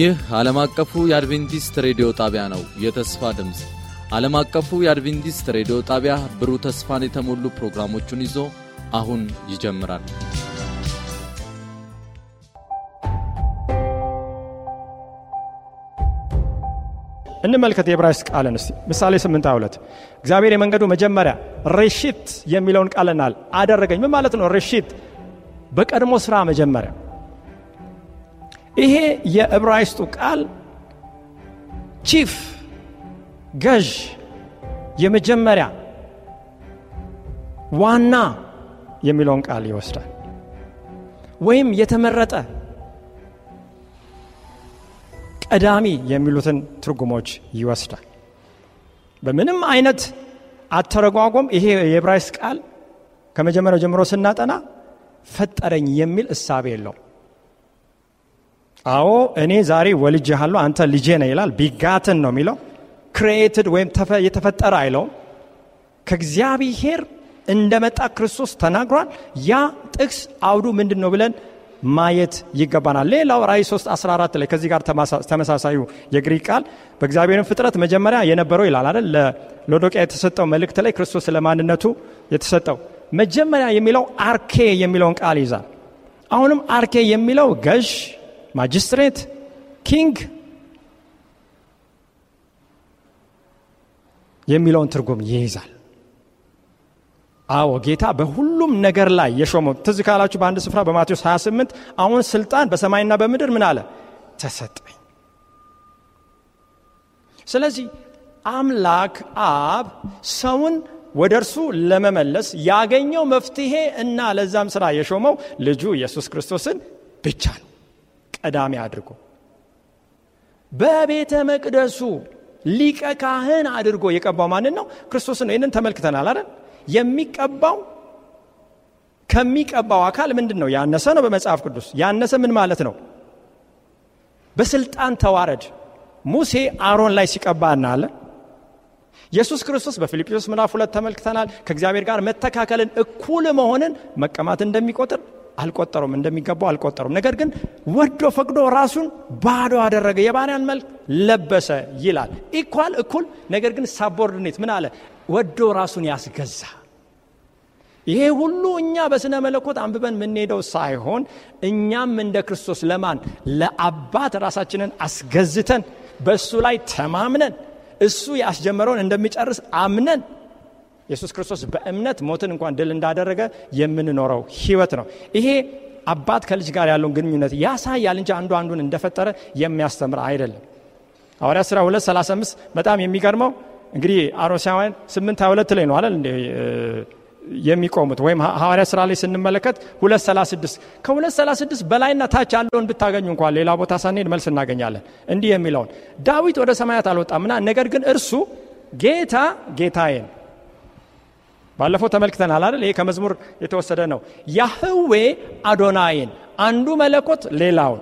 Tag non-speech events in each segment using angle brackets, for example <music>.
ይህ ዓለም አቀፉ የአድቬንቲስት ሬዲዮ ጣቢያ ነው። የተስፋ ድምፅ ዓለም አቀፉ የአድቬንቲስት ሬዲዮ ጣቢያ ብሩህ ተስፋን የተሞሉ ፕሮግራሞቹን ይዞ አሁን ይጀምራል። እንመልከት የብራይስ ቃልን እስቲ ምሳሌ 8፥2 እግዚአብሔር የመንገዱ መጀመሪያ ሬሺት የሚለውን ቃለናል አደረገኝ። ምን ማለት ነው? ሬሺት በቀድሞ ሥራ መጀመሪያ ይሄ የዕብራይስጡ ቃል ቺፍ ገዥ፣ የመጀመሪያ ዋና የሚለውን ቃል ይወስዳል። ወይም የተመረጠ ቀዳሚ የሚሉትን ትርጉሞች ይወስዳል። በምንም አይነት አተረጓጎም ይሄ የዕብራይስጥ ቃል ከመጀመሪያው ጀምሮ ስናጠና ፈጠረኝ የሚል እሳቤ የለውም። አዎ እኔ ዛሬ ወልጄሃለሁ አንተ ልጄ ነ ይላል። ቢጋትን ነው የሚለው። ክሬትድ ወይም የተፈጠረ አይለውም። ከእግዚአብሔር እንደመጣ ክርስቶስ ተናግሯል። ያ ጥቅስ አውዱ ምንድን ነው ብለን ማየት ይገባናል። ሌላው ራይ 3 14 ላይ ከዚህ ጋር ተመሳሳዩ የግሪክ ቃል በእግዚአብሔርን ፍጥረት መጀመሪያ የነበረው ይላል አይደል። ለሎዶቅያ የተሰጠው መልእክት ላይ ክርስቶስ ለማንነቱ የተሰጠው መጀመሪያ የሚለው አርኬ የሚለውን ቃል ይዛል። አሁንም አርኬ የሚለው ገዥ ማጅስትሬት፣ ኪንግ የሚለውን ትርጉም ይይዛል። አዎ ጌታ በሁሉም ነገር ላይ የሾመው ትዝ ካላችሁ በአንድ ስፍራ በማቴዎስ 28 አሁን ስልጣን በሰማይና በምድር ምን አለ ተሰጠኝ። ስለዚህ አምላክ አብ ሰውን ወደ እርሱ ለመመለስ ያገኘው መፍትሄ እና ለዛም ስራ የሾመው ልጁ ኢየሱስ ክርስቶስን ብቻ ነው። ቀዳሚ አድርጎ በቤተ መቅደሱ ሊቀ ካህን አድርጎ የቀባው ማንን ነው? ክርስቶስን ነው። ይህንን ተመልክተናል አይደል? የሚቀባው ከሚቀባው አካል ምንድን ነው ያነሰ ነው? በመጽሐፍ ቅዱስ ያነሰ ምን ማለት ነው? በስልጣን ተዋረድ ሙሴ አሮን ላይ ሲቀባ እናለ ኢየሱስ ክርስቶስ በፊልጵስዩስ ምናፍ ሁለት ተመልክተናል። ከእግዚአብሔር ጋር መተካከልን እኩል መሆንን መቀማት እንደሚቆጥር አልቆጠሩም እንደሚገባው አልቆጠሩም። ነገር ግን ወዶ ፈቅዶ ራሱን ባዶ አደረገ፣ የባሪያን መልክ ለበሰ ይላል። ኢኳል እኩል፣ ነገር ግን ሳቦርድኔት ምን አለ? ወዶ ራሱን ያስገዛ። ይሄ ሁሉ እኛ በስነ መለኮት አንብበን የምንሄደው ሳይሆን እኛም እንደ ክርስቶስ ለማን ለአባት ራሳችንን አስገዝተን በእሱ ላይ ተማምነን እሱ ያስጀመረውን እንደሚጨርስ አምነን ኢየሱስ ክርስቶስ በእምነት ሞትን እንኳን ድል እንዳደረገ የምንኖረው ህይወት ነው። ይሄ አባት ከልጅ ጋር ያለውን ግንኙነት ያሳያል እንጂ አንዱ አንዱን እንደፈጠረ የሚያስተምር አይደለም። ሐዋርያ ሥራ 2 በጣም የሚገርመው እንግዲህ አሮሲያውያን 8 22 ላይ ነው አለ የሚቆሙት ወይም ሐዋርያ ስራ ላይ ስንመለከት 236 ከ236 በላይና ታች ያለውን ብታገኙ እንኳን ሌላ ቦታ ሳንሄድ መልስ እናገኛለን። እንዲህ የሚለውን ዳዊት ወደ ሰማያት አልወጣምና ነገር ግን እርሱ ጌታ ጌታዬን ባለፈው ተመልክተናል አይደል? ይሄ ከመዝሙር የተወሰደ ነው። ያህዌ አዶናይን አንዱ መለኮት ሌላውን፣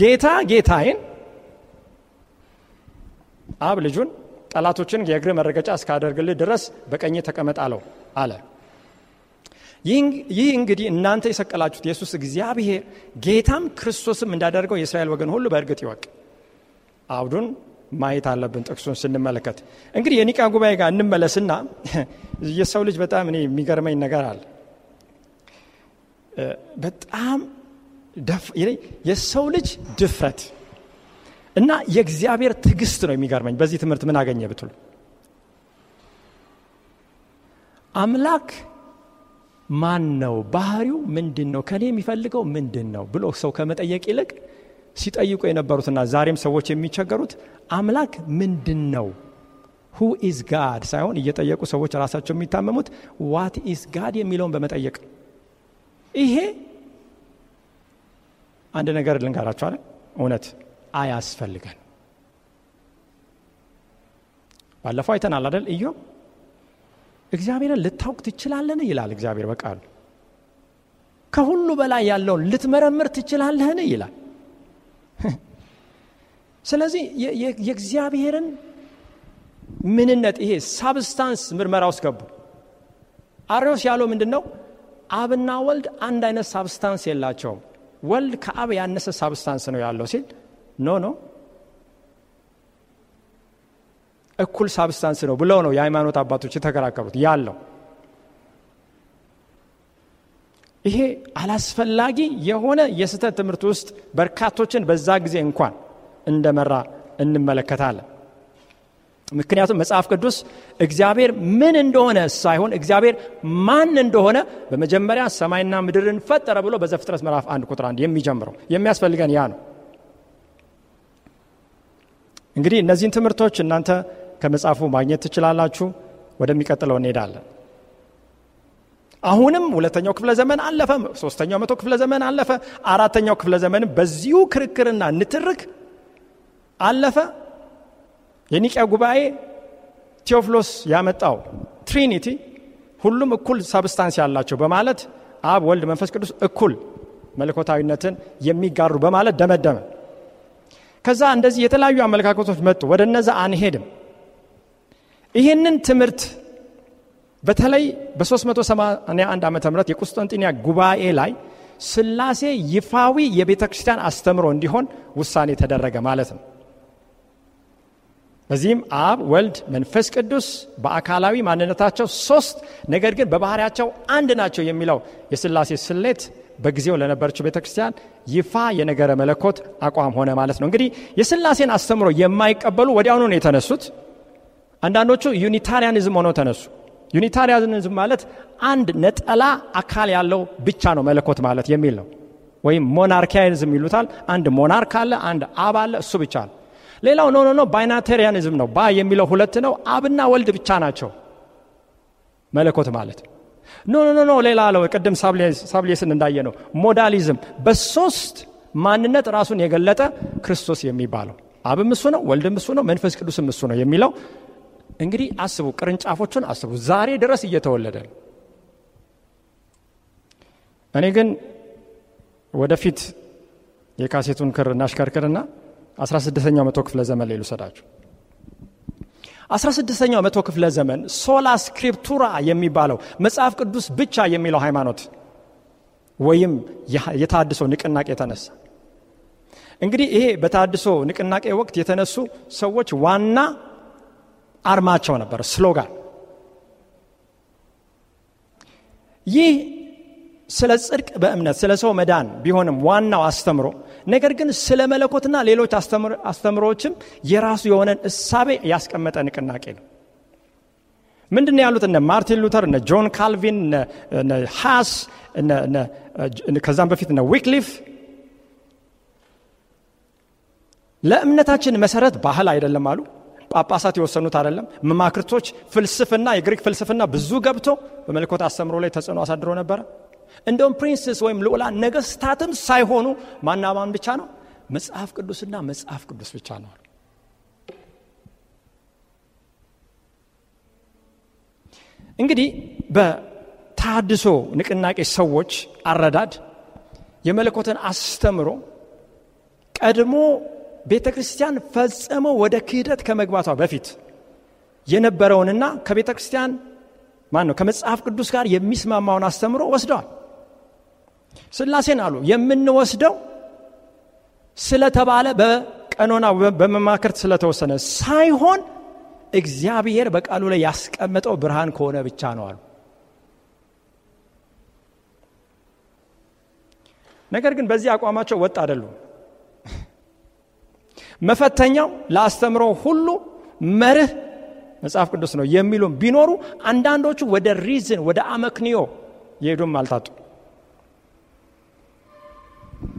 ጌታ ጌታይን አብ ልጁን፣ ጠላቶችን የእግር መረገጫ እስካደርግልህ ድረስ በቀኝ ተቀመጥ አለው አለ። ይህ እንግዲህ እናንተ የሰቀላችሁት ኢየሱስ እግዚአብሔር ጌታም ክርስቶስም እንዳደረገው የእስራኤል ወገን ሁሉ በእርግጥ ይወቅ። አብዱን ማየት አለብን። ጥቅሱን ስንመለከት እንግዲህ የኒቃ ጉባኤ ጋር እንመለስና <laughs> የሰው ልጅ በጣም እኔ የሚገርመኝ ነገር አለ። በጣም የሰው ልጅ ድፍረት እና የእግዚአብሔር ትዕግስት ነው የሚገርመኝ። በዚህ ትምህርት ምን አገኘ ብትሉ አምላክ ማን ነው፣ ባህሪው ምንድን ነው፣ ከኔ የሚፈልገው ምንድን ነው ብሎ ሰው ከመጠየቅ ይልቅ ሲጠይቁ የነበሩትና ዛሬም ሰዎች የሚቸገሩት አምላክ ምንድን ነው ሁ ኢዝ ጋድ ሳይሆን እየጠየቁ ሰዎች ራሳቸው የሚታመሙት ዋት ኢዝ ጋድ የሚለውን በመጠየቅ ይሄ አንድ ነገር ልንጋራቸዋል። እውነት አያስፈልገን። ባለፈው አይተናል አደል? እዮ እግዚአብሔርን ልታውቅ ትችላለን ይላል እግዚአብሔር በቃሉ። ከሁሉ በላይ ያለውን ልትመረምር ትችላለህን ይላል <laughs> ስለዚህ የእግዚአብሔርን ምንነት ይሄ ሳብስታንስ ምርመራ ውስጥ ገቡ አሬዎስ ያለው ምንድን ነው አብና ወልድ አንድ አይነት ሳብስታንስ የላቸውም ወልድ ከአብ ያነሰ ሳብስታንስ ነው ያለው ሲል ኖ ኖ እኩል ሳብስታንስ ነው ብለው ነው የሃይማኖት አባቶች የተከራከሩት ያለው ይሄ አላስፈላጊ የሆነ የስህተት ትምህርት ውስጥ በርካቶችን በዛ ጊዜ እንኳን እንደመራ እንመለከታለን። ምክንያቱም መጽሐፍ ቅዱስ እግዚአብሔር ምን እንደሆነ ሳይሆን እግዚአብሔር ማን እንደሆነ በመጀመሪያ ሰማይና ምድርን ፈጠረ ብሎ በዘፍጥረት ምዕራፍ አንድ ቁጥር አንድ የሚጀምረው የሚያስፈልገን ያ ነው። እንግዲህ እነዚህን ትምህርቶች እናንተ ከመጽሐፉ ማግኘት ትችላላችሁ። ወደሚቀጥለው እንሄዳለን። አሁንም ሁለተኛው ክፍለ ዘመን አለፈ፣ ሶስተኛው መቶ ክፍለ ዘመን አለፈ፣ አራተኛው ክፍለ ዘመን በዚሁ ክርክርና ንትርክ አለፈ። የኒቅያ ጉባኤ ቴዎፍሎስ ያመጣው ትሪኒቲ ሁሉም እኩል ሳብስታንስ ያላቸው በማለት አብ፣ ወልድ፣ መንፈስ ቅዱስ እኩል መለኮታዊነትን የሚጋሩ በማለት ደመደመ። ከዛ እንደዚህ የተለያዩ አመለካከቶች መጡ። ወደ እነዛ አንሄድም። ይህንን ትምህርት በተለይ በ381 ዓ ም የቁስጠንጢንያ ጉባኤ ላይ ስላሴ ይፋዊ የቤተ ክርስቲያን አስተምሮ እንዲሆን ውሳኔ ተደረገ ማለት ነው። በዚህም አብ፣ ወልድ፣ መንፈስ ቅዱስ በአካላዊ ማንነታቸው ሶስት ነገር ግን በባህሪያቸው አንድ ናቸው የሚለው የስላሴ ስሌት በጊዜው ለነበረችው ቤተ ክርስቲያን ይፋ የነገረ መለኮት አቋም ሆነ ማለት ነው። እንግዲህ የስላሴን አስተምሮ የማይቀበሉ ወዲያውኑ ነው የተነሱት። አንዳንዶቹ ዩኒታሪያኒዝም ሆነው ተነሱ። ዩኒታሪያንዝም ማለት አንድ ነጠላ አካል ያለው ብቻ ነው መለኮት ማለት የሚል ነው። ወይም ሞናርኪያኒዝም ይሉታል። አንድ ሞናርክ አለ፣ አንድ አብ አለ፣ እሱ ብቻ ነው። ሌላው ኖ ኖ ባይናቴሪያኒዝም ነው። ባ የሚለው ሁለት ነው፣ አብና ወልድ ብቻ ናቸው መለኮት ማለት ኖ ኖ ኖ ሌላ አለው። ቅድም ሳብሌስን እንዳየ ነው ሞዳሊዝም በሶስት ማንነት ራሱን የገለጠ ክርስቶስ የሚባለው አብም እሱ ነው፣ ወልድም እሱ ነው፣ መንፈስ ቅዱስም እሱ ነው የሚለው እንግዲህ አስቡ፣ ቅርንጫፎቹን አስቡ። ዛሬ ድረስ እየተወለደ ነው። እኔ ግን ወደፊት የካሴቱን ክር እናሽከርክርና አስራ ስድስተኛው መቶ ክፍለ ዘመን ላይ ልውሰዳችሁ። አስራ ስድስተኛው መቶ ክፍለ ዘመን ሶላ ስክሪፕቱራ የሚባለው መጽሐፍ ቅዱስ ብቻ የሚለው ሃይማኖት ወይም የታድሶ ንቅናቄ የተነሳ እንግዲህ ይሄ በታድሶ ንቅናቄ ወቅት የተነሱ ሰዎች ዋና አርማቸው ነበር፣ ስሎጋን። ይህ ስለ ጽድቅ በእምነት ስለ ሰው መዳን ቢሆንም ዋናው አስተምሮ፣ ነገር ግን ስለ መለኮትና ሌሎች አስተምሮዎችም የራሱ የሆነን እሳቤ ያስቀመጠ ንቅናቄ ነው። ምንድን ያሉት? እነ ማርቲን ሉተር፣ እነ ጆን ካልቪን፣ እነ ሃስ፣ ከዛም በፊት እነ ዊክሊፍ ለእምነታችን መሰረት ባህል አይደለም አሉ። ጳጳሳት የወሰኑት አይደለም። መማክርቶች፣ ፍልስፍና፣ የግሪክ ፍልስፍና ብዙ ገብቶ በመልኮት አስተምሮ ላይ ተጽዕኖ አሳድሮ ነበረ። እንደውም ፕሪንስስ ወይም ልዑላን ነገስታትም ሳይሆኑ ማናማን ብቻ ነው መጽሐፍ ቅዱስና መጽሐፍ ቅዱስ ብቻ ነው። እንግዲህ በታድሶ ንቅናቄ ሰዎች አረዳድ የመለኮትን አስተምሮ ቀድሞ ቤተ ክርስቲያን ፈጽሞ ወደ ክህደት ከመግባቷ በፊት የነበረውንና ከቤተ ክርስቲያን ማን ነው ከመጽሐፍ ቅዱስ ጋር የሚስማማውን አስተምሮ ወስደዋል። ስላሴን አሉ የምንወስደው ስለተባለ በቀኖና በመማከርት ስለተወሰነ ሳይሆን እግዚአብሔር በቃሉ ላይ ያስቀመጠው ብርሃን ከሆነ ብቻ ነው አሉ። ነገር ግን በዚህ አቋማቸው ወጥ አይደሉም። መፈተኛው ለአስተምሮ ሁሉ መርህ መጽሐፍ ቅዱስ ነው የሚሉም ቢኖሩ አንዳንዶቹ ወደ ሪዝን ወደ አመክንዮ የሄዱም አልታጡ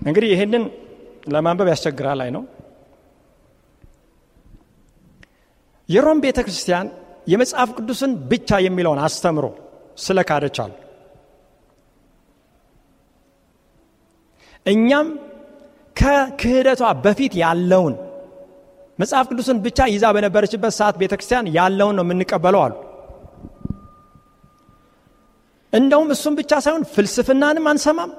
እንግዲህ ይህንን ለማንበብ ያስቸግራል ላይ ነው የሮም ቤተ ክርስቲያን የመጽሐፍ ቅዱስን ብቻ የሚለውን አስተምሮ ስለ ካደቻሉ እኛም ከክህደቷ በፊት ያለውን መጽሐፍ ቅዱስን ብቻ ይዛ በነበረችበት ሰዓት ቤተ ክርስቲያን ያለውን ነው የምንቀበለው አሉ። እንደውም እሱም ብቻ ሳይሆን ፍልስፍናንም አንሰማም።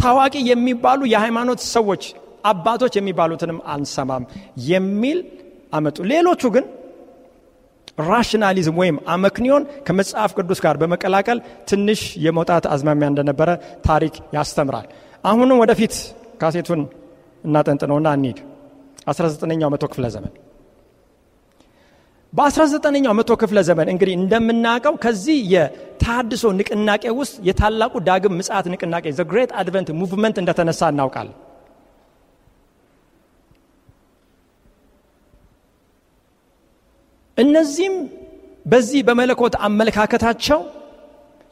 ታዋቂ የሚባሉ የሃይማኖት ሰዎች አባቶች የሚባሉትንም አንሰማም የሚል አመጡ። ሌሎቹ ግን ራሽናሊዝም ወይም አመክኒዮን ከመጽሐፍ ቅዱስ ጋር በመቀላቀል ትንሽ የመውጣት አዝማሚያ እንደነበረ ታሪክ ያስተምራል። አሁንም ወደፊት ካሴቱን እናጠንጥነውና እንሂድ። 19ኛው መቶ ክፍለ ዘመን በ19ኛው መቶ ክፍለ ዘመን እንግዲህ እንደምናውቀው ከዚህ የታድሶ ንቅናቄ ውስጥ የታላቁ ዳግም ምጽት ንቅናቄ ዘ ግሬት አድቨንት ሙቭመንት እንደተነሳ እናውቃለን። እነዚህም በዚህ በመለኮት አመለካከታቸው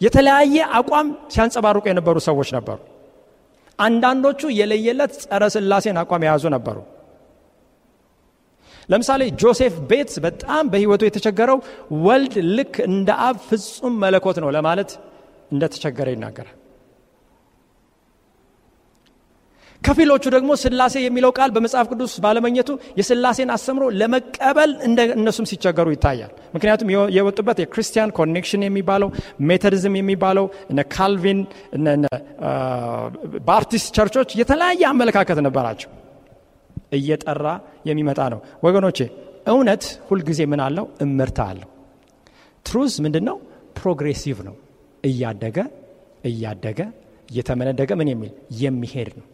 የተለያየ አቋም ሲያንጸባርቁ የነበሩ ሰዎች ነበሩ። አንዳንዶቹ የለየለት ጸረ ስላሴን አቋም የያዙ ነበሩ። ለምሳሌ ጆሴፍ ቤትስ በጣም በህይወቱ የተቸገረው ወልድ ልክ እንደ አብ ፍጹም መለኮት ነው ለማለት እንደተቸገረ ይናገራል። ከፊሎቹ ደግሞ ስላሴ የሚለው ቃል በመጽሐፍ ቅዱስ ባለመኘቱ የስላሴን አስተምሮ ለመቀበል እነሱም ሲቸገሩ ይታያል። ምክንያቱም የወጡበት የክርስቲያን ኮኔክሽን የሚባለው ሜተሪዝም የሚባለው እነ ካልቪን ባፕቲስት ቸርቾች የተለያየ አመለካከት ነበራቸው። እየጠራ የሚመጣ ነው። ወገኖቼ እውነት ሁልጊዜ ምን አለው? እምርታ አለው። ትሩዝ ምንድን ነው? ፕሮግሬሲቭ ነው። እያደገ እያደገ እየተመነደገ ምን የሚል የሚሄድ ነው።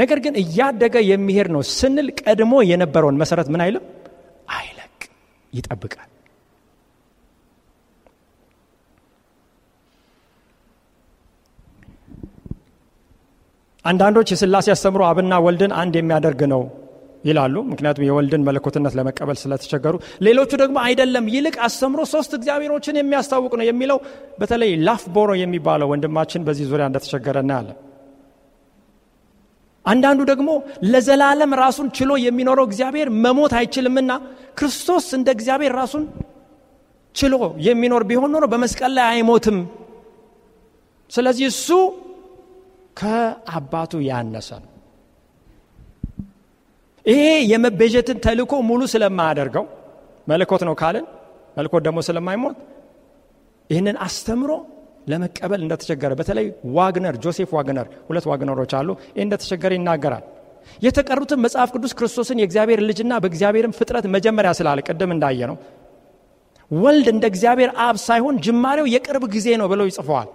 ነገር ግን እያደገ የሚሄድ ነው ስንል ቀድሞ የነበረውን መሰረት ምን አይልም አይለቅ፣ ይጠብቃል። አንዳንዶች የስላሴ አስተምሮ አብና ወልድን አንድ የሚያደርግ ነው ይላሉ። ምክንያቱም የወልድን መለኮትነት ለመቀበል ስለተቸገሩ። ሌሎቹ ደግሞ አይደለም፣ ይልቅ አስተምሮ ሶስት እግዚአብሔሮችን የሚያስታውቅ ነው የሚለው በተለይ ላፍ ቦሮ የሚባለው ወንድማችን በዚህ ዙሪያ እንደተቸገረ እናያለን። አንዳንዱ ደግሞ ለዘላለም ራሱን ችሎ የሚኖረው እግዚአብሔር መሞት አይችልምና ክርስቶስ እንደ እግዚአብሔር ራሱን ችሎ የሚኖር ቢሆን ኖሮ በመስቀል ላይ አይሞትም። ስለዚህ እሱ ከአባቱ ያነሰ ነው። ይሄ የመቤዠትን ተልኮ ሙሉ ስለማያደርገው መልኮት ነው ካልን መልኮት ደግሞ ስለማይሞት ይህንን አስተምሮ ለመቀበል እንደተቸገረ በተለይ ዋግነር ጆሴፍ ዋግነር ሁለት ዋግነሮች አሉ። ይህ እንደተቸገረ ይናገራል። የተቀሩትን መጽሐፍ ቅዱስ ክርስቶስን የእግዚአብሔር ልጅና በእግዚአብሔርም ፍጥረት መጀመሪያ ስላለ ቅድም እንዳየ ነው ወልድ እንደ እግዚአብሔር አብ ሳይሆን ጅማሬው የቅርብ ጊዜ ነው ብለው ይጽፈዋል።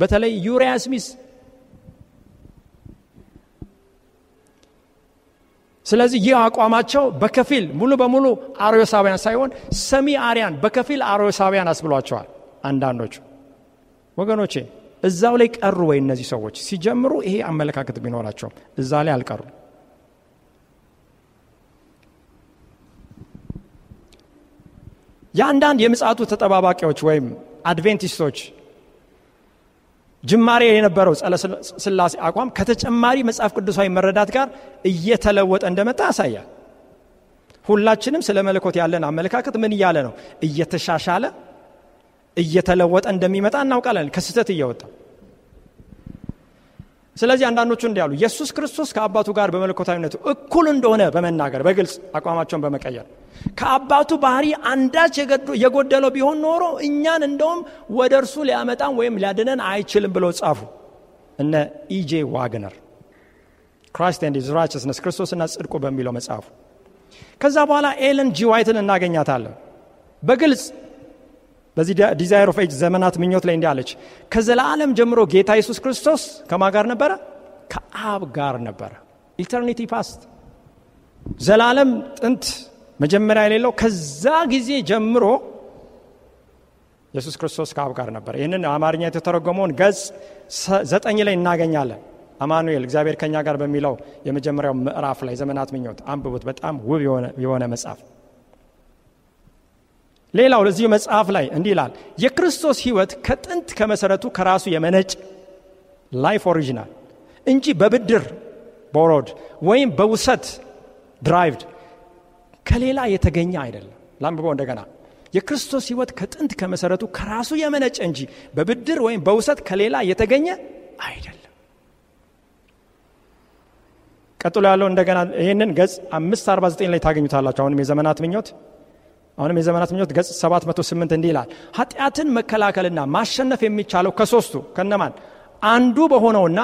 በተለይ ዩሪያ ስሚስ ስለዚህ ይህ አቋማቸው በከፊል ሙሉ በሙሉ አርዮሳውያን ሳይሆን ሰሚ አርያን በከፊል አርዮሳውያን አስብሏቸዋል አንዳንዶቹ ወገኖቼ እዛው ላይ ቀሩ ወይ እነዚህ ሰዎች ሲጀምሩ ይሄ አመለካከት ቢኖራቸውም እዛ ላይ አልቀሩ የአንዳንድ የምጽአቱ ተጠባባቂዎች ወይም አድቬንቲስቶች ጅማሬ የነበረው ጸለ ስላሴ አቋም ከተጨማሪ መጽሐፍ ቅዱሳዊ መረዳት ጋር እየተለወጠ እንደመጣ ያሳያል። ሁላችንም ስለ መለኮት ያለን አመለካከት ምን እያለ ነው? እየተሻሻለ እየተለወጠ እንደሚመጣ እናውቃለን። ከስህተት እየወጣ ስለዚህ አንዳንዶቹ እንዲያሉ ኢየሱስ ክርስቶስ ከአባቱ ጋር በመለኮታዊነቱ እኩል እንደሆነ በመናገር በግልጽ አቋማቸውን በመቀየር ከአባቱ ባህሪ አንዳች የጎደለው ቢሆን ኖሮ እኛን እንደውም ወደ እርሱ ሊያመጣን ወይም ሊያድነን አይችልም ብለው ጻፉ። እነ ኢጄ ዋግነር ክራይስት ኤንድ ሂዝ ክርስቶስና ጽድቁ በሚለው መጽሐፉ። ከዛ በኋላ ኤለን ጂዋይትን እናገኛታለን በግልጽ በዚህ ዲዛይር ኦፍ ኤጅ ዘመናት ምኞት ላይ እንዲህ አለች። ከዘላለም ጀምሮ ጌታ ኢየሱስ ክርስቶስ ከማ ጋር ነበረ? ከአብ ጋር ነበረ። ኢተርኒቲ ፓስት ዘላለም ጥንት መጀመሪያ የሌለው ከዛ ጊዜ ጀምሮ ኢየሱስ ክርስቶስ ከአብ ጋር ነበረ ይህንን አማርኛ የተተረጎመውን ገጽ ዘጠኝ ላይ እናገኛለን። አማኑኤል እግዚአብሔር ከኛ ጋር በሚለው የመጀመሪያው ምዕራፍ ላይ ዘመናት ምኞት አንብቡት። በጣም ውብ የሆነ መጽሐፍ ሌላው ለዚሁ መጽሐፍ ላይ እንዲህ ይላል፣ የክርስቶስ ሕይወት ከጥንት ከመሰረቱ ከራሱ የመነጭ ላይፍ ኦሪጂናል እንጂ በብድር ቦሮድ ወይም በውሰት ድራይቭድ ከሌላ የተገኘ አይደለም። ላንብበው እንደገና። የክርስቶስ ሕይወት ከጥንት ከመሰረቱ ከራሱ የመነጨ እንጂ በብድር ወይም በውሰት ከሌላ የተገኘ አይደለም። ቀጥሎ ያለው እንደገና ይህንን ገጽ አምስት 49 ላይ ታገኙታላችሁ። አሁንም የዘመናት ምኞት አሁንም የዘመናት ምኞት ገጽ 78 እንዲህ ይላል ኃጢአትን መከላከልና ማሸነፍ የሚቻለው ከሶስቱ ከነማን አንዱ በሆነውና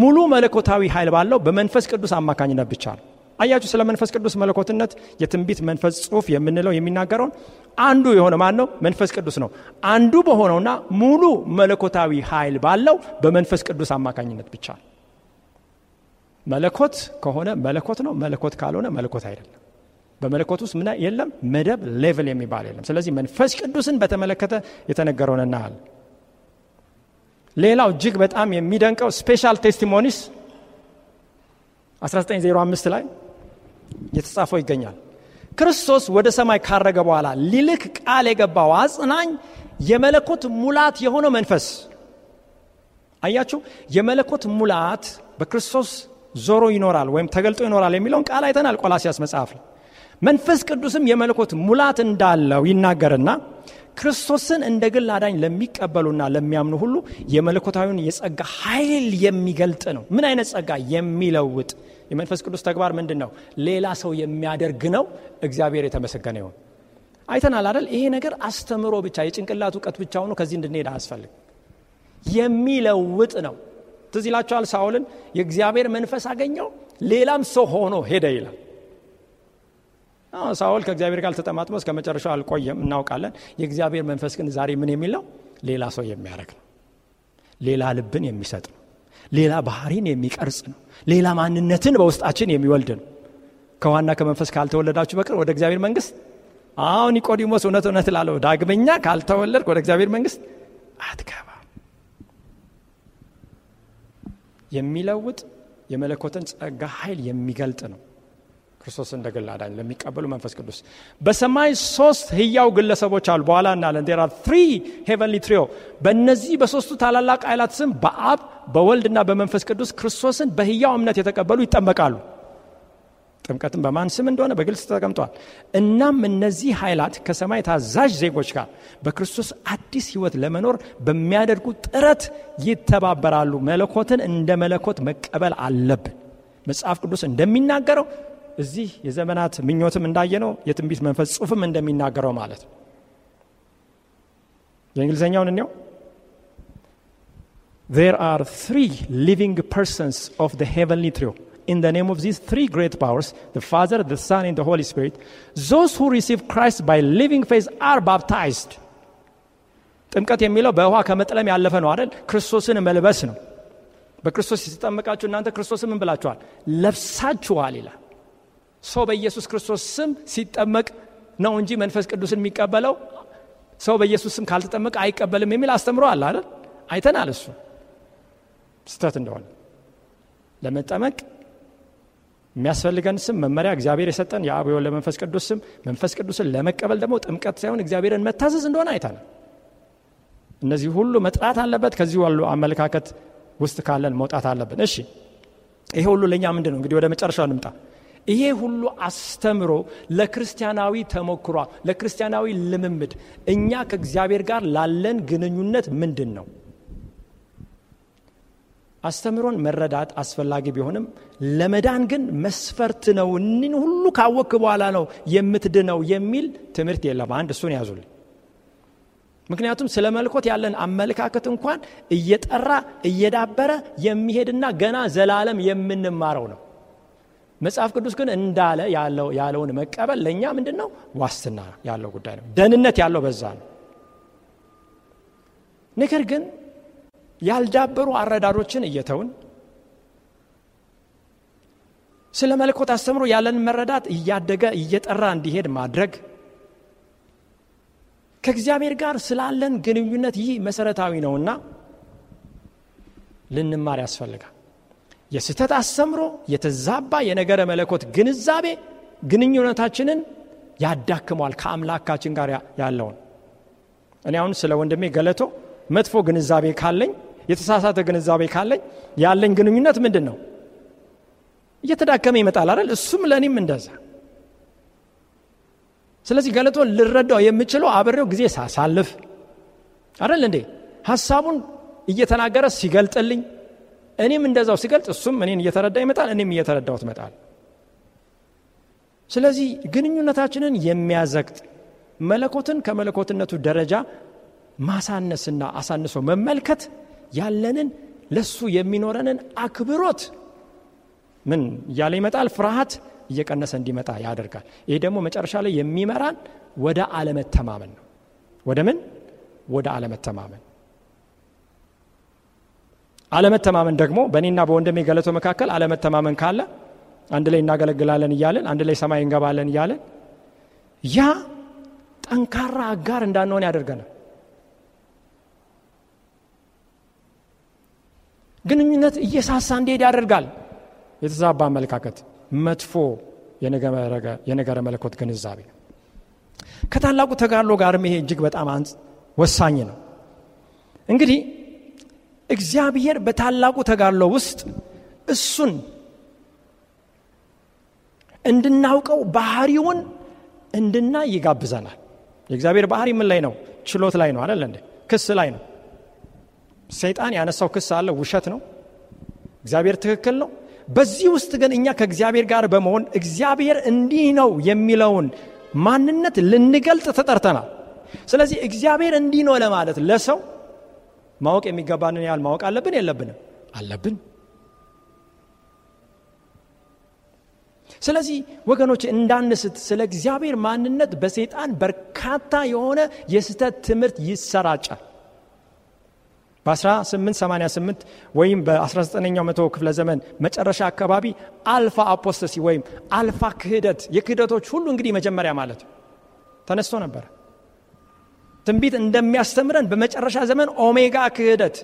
ሙሉ መለኮታዊ ኃይል ባለው በመንፈስ ቅዱስ አማካኝነት ብቻ ነው አያችሁ ስለ መንፈስ ቅዱስ መለኮትነት የትንቢት መንፈስ ጽሁፍ የምንለው የሚናገረውን አንዱ የሆነ ማን ነው መንፈስ ቅዱስ ነው አንዱ በሆነውና ሙሉ መለኮታዊ ኃይል ባለው በመንፈስ ቅዱስ አማካኝነት ብቻ መለኮት ከሆነ መለኮት ነው መለኮት ካልሆነ መለኮት አይደለም በመለኮት ውስጥ ምና የለም መደብ ሌቭል የሚባል የለም። ስለዚህ መንፈስ ቅዱስን በተመለከተ የተነገረውን እናል ሌላው እጅግ በጣም የሚደንቀው ስፔሻል ቴስቲሞኒስ 1905 ላይ የተጻፈው ይገኛል። ክርስቶስ ወደ ሰማይ ካረገ በኋላ ሊልክ ቃል የገባው አጽናኝ የመለኮት ሙላት የሆነው መንፈስ አያችሁ፣ የመለኮት ሙላት በክርስቶስ ዞሮ ይኖራል ወይም ተገልጦ ይኖራል የሚለውን ቃል አይተናል። ቆላሲያስ መጽሐፍ ላይ መንፈስ ቅዱስም የመለኮት ሙላት እንዳለው ይናገርና ክርስቶስን እንደ ግል አዳኝ ለሚቀበሉና ለሚያምኑ ሁሉ የመለኮታዊውን የጸጋ ኃይል የሚገልጥ ነው። ምን አይነት ጸጋ? የሚለውጥ። የመንፈስ ቅዱስ ተግባር ምንድን ነው? ሌላ ሰው የሚያደርግ ነው። እግዚአብሔር የተመሰገነ ይሆን አይተናል አይደል? ይሄ ነገር አስተምሮ ብቻ የጭንቅላት እውቀት ብቻ ሆኖ ከዚህ እንድንሄድ አያስፈልግ። የሚለውጥ ነው። ትዝ ይላችኋል፣ ሳውልን የእግዚአብሔር መንፈስ አገኘው ሌላም ሰው ሆኖ ሄደ ይላል። ሳውል ከእግዚአብሔር ጋር ተጠማጥሞ እስከ መጨረሻው አልቆየም እናውቃለን የእግዚአብሔር መንፈስ ግን ዛሬ ምን የሚለው ሌላ ሰው የሚያደርግ ነው ሌላ ልብን የሚሰጥ ነው ሌላ ባህሪን የሚቀርጽ ነው ሌላ ማንነትን በውስጣችን የሚወልድ ነው ከዋና ከመንፈስ ካልተወለዳችሁ በቅር ወደ እግዚአብሔር መንግስት አሁን ኒቆዲሞስ እውነት እውነት ላለው ዳግመኛ ካልተወለድ ወደ እግዚአብሔር መንግስት አትገባ የሚለውጥ የመለኮትን ጸጋ ኃይል የሚገልጥ ነው ክርስቶስ እንደ ግል አዳኝ ለሚቀበሉ መንፈስ ቅዱስ በሰማይ ሶስት ህያው ግለሰቦች አሉ። በኋላ እናለን ዴራ ትሪ ሄቨንሊ ትሪዮ። በእነዚህ በሶስቱ ታላላቅ ኃይላት ስም በአብ በወልድና በመንፈስ ቅዱስ ክርስቶስን በህያው እምነት የተቀበሉ ይጠመቃሉ። ጥምቀትም በማን ስም እንደሆነ በግልጽ ተቀምጧል። እናም እነዚህ ኃይላት ከሰማይ ታዛዥ ዜጎች ጋር በክርስቶስ አዲስ ህይወት ለመኖር በሚያደርጉ ጥረት ይተባበራሉ። መለኮትን እንደ መለኮት መቀበል አለብን። መጽሐፍ ቅዱስ እንደሚናገረው እዚህ የዘመናት ምኞትም የትንቢት መንፈስ እንደሚናገረው ማለት የእንግሊዝኛውን There are three living persons of the heavenly trio. In the name of these three great powers, the Father, the Son, and the Holy Spirit, those who receive Christ by living faith are baptized. ጥምቀት የሚለው በውሃ ከመጥለም ያለፈ ነው አይደል? ክርስቶስን መልበስ ነው። በክርስቶስ የተጠመቃችሁ እናንተ ክርስቶስን ምን ብላችኋል? ለብሳችኋል ይላል። ሰው በኢየሱስ ክርስቶስ ስም ሲጠመቅ ነው እንጂ መንፈስ ቅዱስን የሚቀበለው ሰው በኢየሱስ ስም ካልተጠመቀ አይቀበልም የሚል አስተምሮ አለ አይደል አይተን አለሱ ስተት እንደሆነ ለመጠመቅ የሚያስፈልገን ስም መመሪያ እግዚአብሔር የሰጠን የአብ ለመንፈስ መንፈስ ቅዱስ ስም መንፈስ ቅዱስን ለመቀበል ደግሞ ጥምቀት ሳይሆን እግዚአብሔርን መታዘዝ እንደሆነ አይተናል እነዚህ ሁሉ መጥራት አለበት ከዚህ ዋሉ አመለካከት ውስጥ ካለን መውጣት አለብን እሺ ይሄ ሁሉ ለእኛ ምንድን ነው እንግዲህ ወደ መጨረሻው እንምጣ ይሄ ሁሉ አስተምሮ ለክርስቲያናዊ ተሞክሯ ለክርስቲያናዊ ልምምድ እኛ ከእግዚአብሔር ጋር ላለን ግንኙነት ምንድን ነው? አስተምሮን መረዳት አስፈላጊ ቢሆንም ለመዳን ግን መስፈርት ነው፣ እኒን ሁሉ ካወክ በኋላ ነው የምትድነው የሚል ትምህርት የለም። አንድ እሱን ያዙል ምክንያቱም ስለ መልኮት ያለን አመለካከት እንኳን እየጠራ እየዳበረ የሚሄድና ገና ዘላለም የምንማረው ነው። መጽሐፍ ቅዱስ ግን እንዳለ ያለውን መቀበል ለእኛ ምንድን ነው ዋስትና ያለው ጉዳይ ነው። ደህንነት ያለው በዛ ነው። ነገር ግን ያልዳበሩ አረዳዶችን እየተውን ስለ መልኮት አስተምሮ ያለን መረዳት እያደገ እየጠራ እንዲሄድ ማድረግ ከእግዚአብሔር ጋር ስላለን ግንኙነት ይህ መሰረታዊ ነውና ልንማር ያስፈልጋል። የስህተት አስተምሮ የተዛባ የነገረ መለኮት ግንዛቤ ግንኙነታችንን ያዳክመዋል ከአምላካችን ጋር ያለውን እኔ አሁን ስለ ወንድሜ ገለቶ መጥፎ ግንዛቤ ካለኝ የተሳሳተ ግንዛቤ ካለኝ ያለኝ ግንኙነት ምንድን ነው እየተዳከመ ይመጣል አይደል እሱም ለእኔም እንደዛ ስለዚህ ገለቶን ልረዳው የምችለው አብሬው ጊዜ ሳሳልፍ አይደል እንዴ ሀሳቡን እየተናገረ ሲገልጥልኝ እኔም እንደዛው ሲገልጽ እሱም እኔን እየተረዳ ይመጣል፣ እኔም እየተረዳው ይመጣል። ስለዚህ ግንኙነታችንን የሚያዘግጥ መለኮትን ከመለኮትነቱ ደረጃ ማሳነስና አሳንሶ መመልከት ያለንን ለሱ የሚኖረንን አክብሮት ምን እያለ ይመጣል? ፍርሃት እየቀነሰ እንዲመጣ ያደርጋል። ይህ ደግሞ መጨረሻ ላይ የሚመራን ወደ አለመተማመን ነው። ወደ ምን? ወደ አለመተማመን አለመተማመን ደግሞ በእኔና በወንድሜ ገለቶ መካከል አለመተማመን ካለ አንድ ላይ እናገለግላለን እያለን አንድ ላይ ሰማይ እንገባለን እያለን ያ ጠንካራ አጋር እንዳንሆን ያደርገናል። ግንኙነት እየሳሳ እንዲሄድ ያደርጋል። የተዛባ አመለካከት መጥፎ የነገረ መለኮት ግንዛቤ ነው። ከታላቁ ተጋሎ ጋር ይሄ እጅግ በጣም ወሳኝ ነው። እንግዲህ እግዚአብሔር በታላቁ ተጋድሎ ውስጥ እሱን እንድናውቀው ባህሪውን እንድናይ ይጋብዘናል። የእግዚአብሔር ባህሪ ምን ላይ ነው? ችሎት ላይ ነው አለ ክስ ላይ ነው። ሰይጣን ያነሳው ክስ አለ፣ ውሸት ነው። እግዚአብሔር ትክክል ነው። በዚህ ውስጥ ግን እኛ ከእግዚአብሔር ጋር በመሆን እግዚአብሔር እንዲህ ነው የሚለውን ማንነት ልንገልጥ ተጠርተናል። ስለዚህ እግዚአብሔር እንዲህ ነው ለማለት ለሰው ማወቅ የሚገባንን ያህል ማወቅ አለብን የለብንም? አለብን። ስለዚህ ወገኖች እንዳንስት ስለ እግዚአብሔር ማንነት በሰይጣን በርካታ የሆነ የስህተት ትምህርት ይሰራጫል። በ1888 ወይም በ19ኛው መቶ ክፍለ ዘመን መጨረሻ አካባቢ አልፋ አፖስተሲ ወይም አልፋ ክህደት የክህደቶች ሁሉ እንግዲህ መጀመሪያ ማለት ተነስቶ ነበረ። ትንቢት እንደሚያስተምረን በመጨረሻ ዘመን ኦሜጋ ክህደት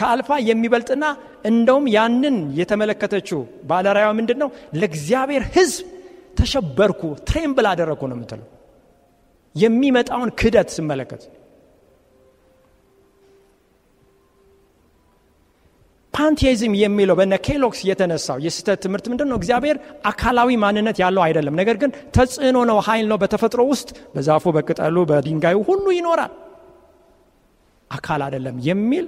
ከአልፋ የሚበልጥና እንደውም ያንን የተመለከተችው ባለራያ ምንድን ነው? ለእግዚአብሔር ህዝብ ተሸበርኩ ትሬምብል አደረግኩ ነው የምትለው የሚመጣውን ክህደት ስመለከት ፓንቴዝም የሚለው በነ ኬሎክስ የተነሳው የስህተት ትምህርት ምንድን ነው? እግዚአብሔር አካላዊ ማንነት ያለው አይደለም። ነገር ግን ተጽዕኖ ነው፣ ኃይል ነው። በተፈጥሮ ውስጥ በዛፉ፣ በቅጠሉ፣ በድንጋዩ ሁሉ ይኖራል። አካል አይደለም የሚል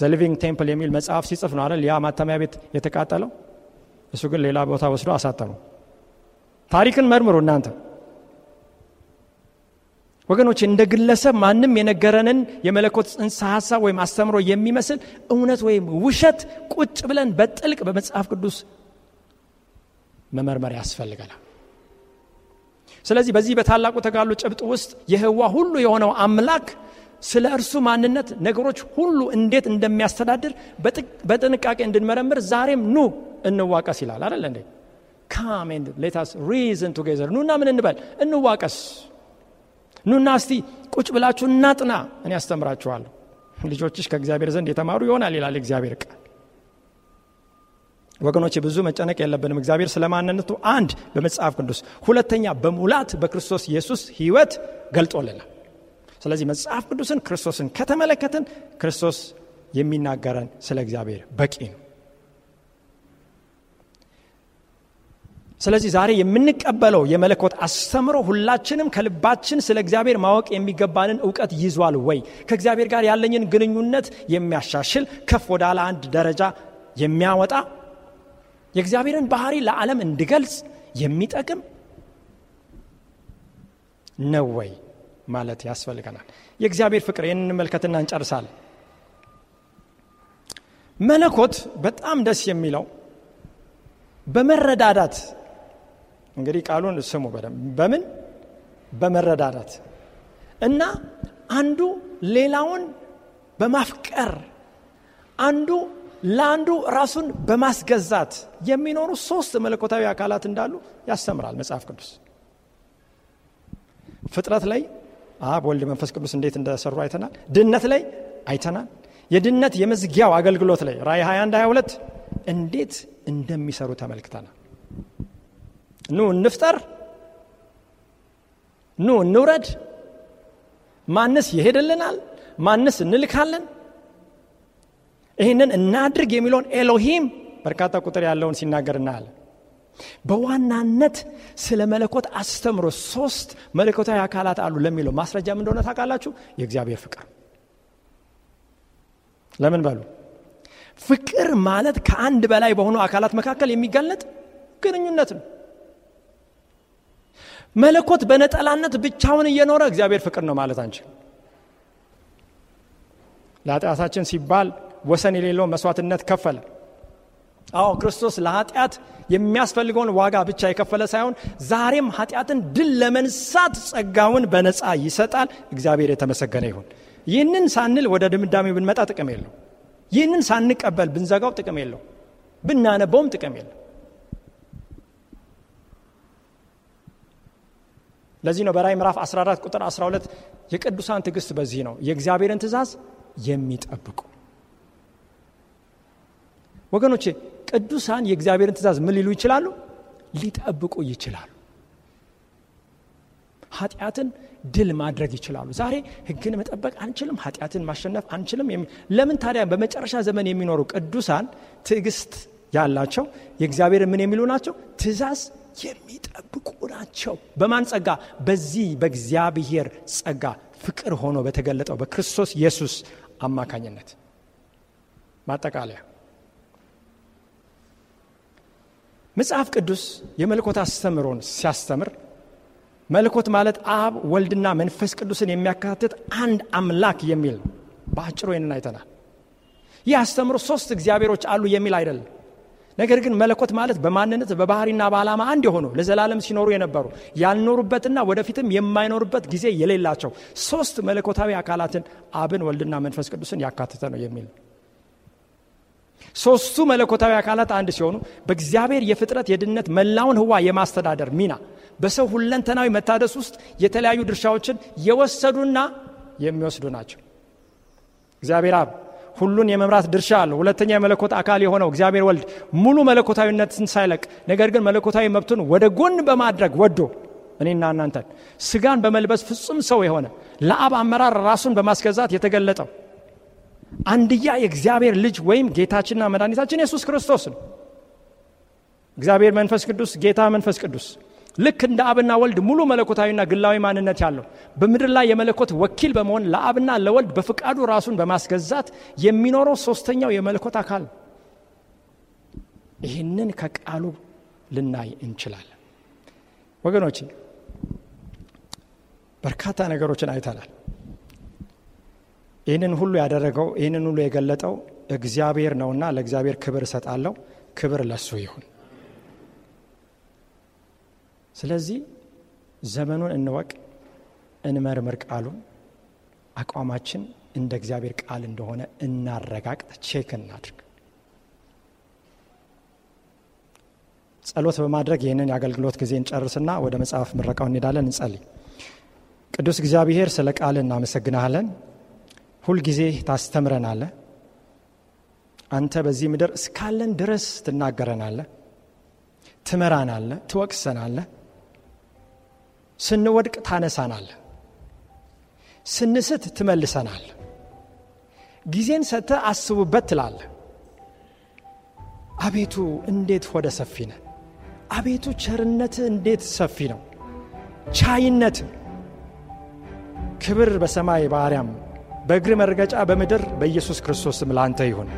ዘሊቪንግ ቴምፕል የሚል መጽሐፍ ሲጽፍ ነው አለ ያ ማተሚያ ቤት የተቃጠለው። እሱ ግን ሌላ ቦታ ወስዶ አሳጠሩ። ታሪክን መርምሩ እናንተ ወገኖች እንደ ግለሰብ ማንም የነገረንን የመለኮት ጽንሰ ሀሳብ ወይም አስተምሮ የሚመስል እውነት ወይም ውሸት ቁጭ ብለን በጥልቅ በመጽሐፍ ቅዱስ መመርመር ያስፈልገናል። ስለዚህ በዚህ በታላቁ ተጋሉ ጭብጥ ውስጥ የህዋ ሁሉ የሆነው አምላክ ስለ እርሱ ማንነት ነገሮች ሁሉ እንዴት እንደሚያስተዳድር በጥንቃቄ እንድንመረምር ዛሬም ኑ እንዋቀስ ይላል አደለ እንዴ? ካም ሌታስ ሪዝን ቱጌዘር ኑና ምን እንበል እንዋቀስ ኑና እስቲ ቁጭ ብላችሁ እናጥና እኔ ያስተምራችኋለሁ ልጆችሽ ከእግዚአብሔር ዘንድ የተማሩ ይሆናል ይላል እግዚአብሔር ቃል ወገኖች ብዙ መጨነቅ የለብንም እግዚአብሔር ስለ ማንነቱ አንድ በመጽሐፍ ቅዱስ ሁለተኛ በሙላት በክርስቶስ ኢየሱስ ህይወት ገልጦልናል ስለዚህ መጽሐፍ ቅዱስን ክርስቶስን ከተመለከትን ክርስቶስ የሚናገረን ስለ እግዚአብሔር በቂ ነው ስለዚህ ዛሬ የምንቀበለው የመለኮት አስተምሮ ሁላችንም ከልባችን ስለ እግዚአብሔር ማወቅ የሚገባንን እውቀት ይዟል ወይ? ከእግዚአብሔር ጋር ያለኝን ግንኙነት የሚያሻሽል ከፍ ወዳለ አንድ ደረጃ የሚያወጣ የእግዚአብሔርን ባህሪ ለዓለም እንድገልጽ የሚጠቅም ነው ወይ ማለት ያስፈልገናል። የእግዚአብሔር ፍቅር ይህን እንመልከትና እንጨርሳለን። መለኮት በጣም ደስ የሚለው በመረዳዳት እንግዲህ ቃሉን ስሙ በደንብ በምን በመረዳዳት እና አንዱ ሌላውን በማፍቀር አንዱ ለአንዱ ራሱን በማስገዛት የሚኖሩ ሶስት መለኮታዊ አካላት እንዳሉ ያስተምራል መጽሐፍ ቅዱስ። ፍጥረት ላይ አብ፣ ወልድ፣ መንፈስ ቅዱስ እንዴት እንደሰሩ አይተናል። ድነት ላይ አይተናል። የድነት የመዝጊያው አገልግሎት ላይ ራይ 21 22 እንዴት እንደሚሰሩ ተመልክተናል። ኑ እንፍጠር፣ ኑ እንውረድ፣ ማንስ ይሄድልናል፣ ማንስ እንልካለን፣ ይህንን እናድርግ የሚለውን ኤሎሂም በርካታ ቁጥር ያለውን ሲናገር እናያለን። በዋናነት ስለ መለኮት አስተምሮ ሶስት መለኮታዊ አካላት አሉ ለሚለው ማስረጃም እንደሆነ ታውቃላችሁ የእግዚአብሔር ፍቅር ለምን በሉ ፍቅር ማለት ከአንድ በላይ በሆኑ አካላት መካከል የሚጋለጥ ግንኙነት ነው መለኮት በነጠላነት ብቻውን እየኖረ እግዚአብሔር ፍቅር ነው ማለት አንችል። ለኃጢአታችን ሲባል ወሰን የሌለው መስዋዕትነት ከፈለ። አዎ ክርስቶስ ለኃጢአት የሚያስፈልገውን ዋጋ ብቻ የከፈለ ሳይሆን ዛሬም ኃጢአትን ድል ለመንሳት ጸጋውን በነፃ ይሰጣል። እግዚአብሔር የተመሰገነ ይሁን። ይህንን ሳንል ወደ ድምዳሜ ብንመጣ ጥቅም የለው። ይህንን ሳንቀበል ብንዘጋው ጥቅም የለው። ብናነበውም ጥቅም የለው። ለዚህ ነው በራይ ምዕራፍ 14 ቁጥር 12 የቅዱሳን ትዕግስት በዚህ ነው የእግዚአብሔርን ትእዛዝ የሚጠብቁ ወገኖቼ ቅዱሳን የእግዚአብሔርን ትእዛዝ ምን ሊሉ ይችላሉ ሊጠብቁ ይችላሉ ኃጢአትን ድል ማድረግ ይችላሉ ዛሬ ህግን መጠበቅ አንችልም ኃጢአትን ማሸነፍ አንችልም ለምን ታዲያ በመጨረሻ ዘመን የሚኖሩ ቅዱሳን ትዕግስት ያላቸው የእግዚአብሔር ምን የሚሉ ናቸው ትእዛዝ የሚጠብቁ ናቸው በማን ጸጋ በዚህ በእግዚአብሔር ጸጋ ፍቅር ሆኖ በተገለጠው በክርስቶስ ኢየሱስ አማካኝነት ማጠቃለያ መጽሐፍ ቅዱስ የመልኮት አስተምሮን ሲያስተምር መልኮት ማለት አብ ወልድና መንፈስ ቅዱስን የሚያካትት አንድ አምላክ የሚል ነው በአጭሩ ይህንን አይተናል ይህ አስተምሮ ሶስት እግዚአብሔሮች አሉ የሚል አይደለም ነገር ግን መለኮት ማለት በማንነት በባህሪና በዓላማ አንድ የሆኑ ለዘላለም ሲኖሩ የነበሩ ያልኖሩበትና ወደፊትም የማይኖሩበት ጊዜ የሌላቸው ሶስት መለኮታዊ አካላትን አብን፣ ወልድና መንፈስ ቅዱስን ያካተተ ነው የሚል ሶስቱ መለኮታዊ አካላት አንድ ሲሆኑ በእግዚአብሔር የፍጥረት የድነት መላውን ህዋ የማስተዳደር ሚና በሰው ሁለንተናዊ መታደስ ውስጥ የተለያዩ ድርሻዎችን የወሰዱና የሚወስዱ ናቸው። እግዚአብሔር አብ ሁሉን የመምራት ድርሻ አለው። ሁለተኛ የመለኮት አካል የሆነው እግዚአብሔር ወልድ ሙሉ መለኮታዊነትን ሳይለቅ ነገር ግን መለኮታዊ መብቱን ወደ ጎን በማድረግ ወዶ እኔና እናንተን ስጋን በመልበስ ፍጹም ሰው የሆነ ለአብ አመራር ራሱን በማስገዛት የተገለጠው አንድያ የእግዚአብሔር ልጅ ወይም ጌታችንና መድኃኒታችን ኢየሱስ ክርስቶስ ነው። እግዚአብሔር መንፈስ ቅዱስ ጌታ መንፈስ ቅዱስ ልክ እንደ አብና ወልድ ሙሉ መለኮታዊና ግላዊ ማንነት ያለው በምድር ላይ የመለኮት ወኪል በመሆን ለአብና ለወልድ በፍቃዱ ራሱን በማስገዛት የሚኖረው ሶስተኛው የመለኮት አካል ይህንን ከቃሉ ልናይ እንችላለን። ወገኖች በርካታ ነገሮችን አይተናል። ይህንን ሁሉ ያደረገው ይህንን ሁሉ የገለጠው እግዚአብሔር ነውና ለእግዚአብሔር ክብር እሰጣለው ክብር ለሱ ይሁን። ስለዚህ ዘመኑን እንወቅ፣ እንመርምር፣ ቃሉን አቋማችን እንደ እግዚአብሔር ቃል እንደሆነ እናረጋግጥ፣ ቼክ እናድርግ። ጸሎት በማድረግ ይህንን የአገልግሎት ጊዜ እንጨርስና ወደ መጽሐፍ ምረቃው እንሄዳለን። እንጸልይ። ቅዱስ እግዚአብሔር ስለ ቃል እናመሰግናለን። ሁልጊዜ ታስተምረናለ። አንተ በዚህ ምድር እስካለን ድረስ ትናገረናለ፣ ትመራናለ፣ ትወቅሰናለ ስንወድቅ ታነሳናል፣ ስንስት ትመልሰናል፣ ጊዜን ሰተ አስቡበት ትላል አቤቱ እንዴት ሆደ ሰፊ ነ አቤቱ ቸርነት እንዴት ሰፊ ነው! ቻይነት ክብር በሰማይ ባርያም በእግር መርገጫ በምድር በኢየሱስ ክርስቶስም ላንተ ይሁን።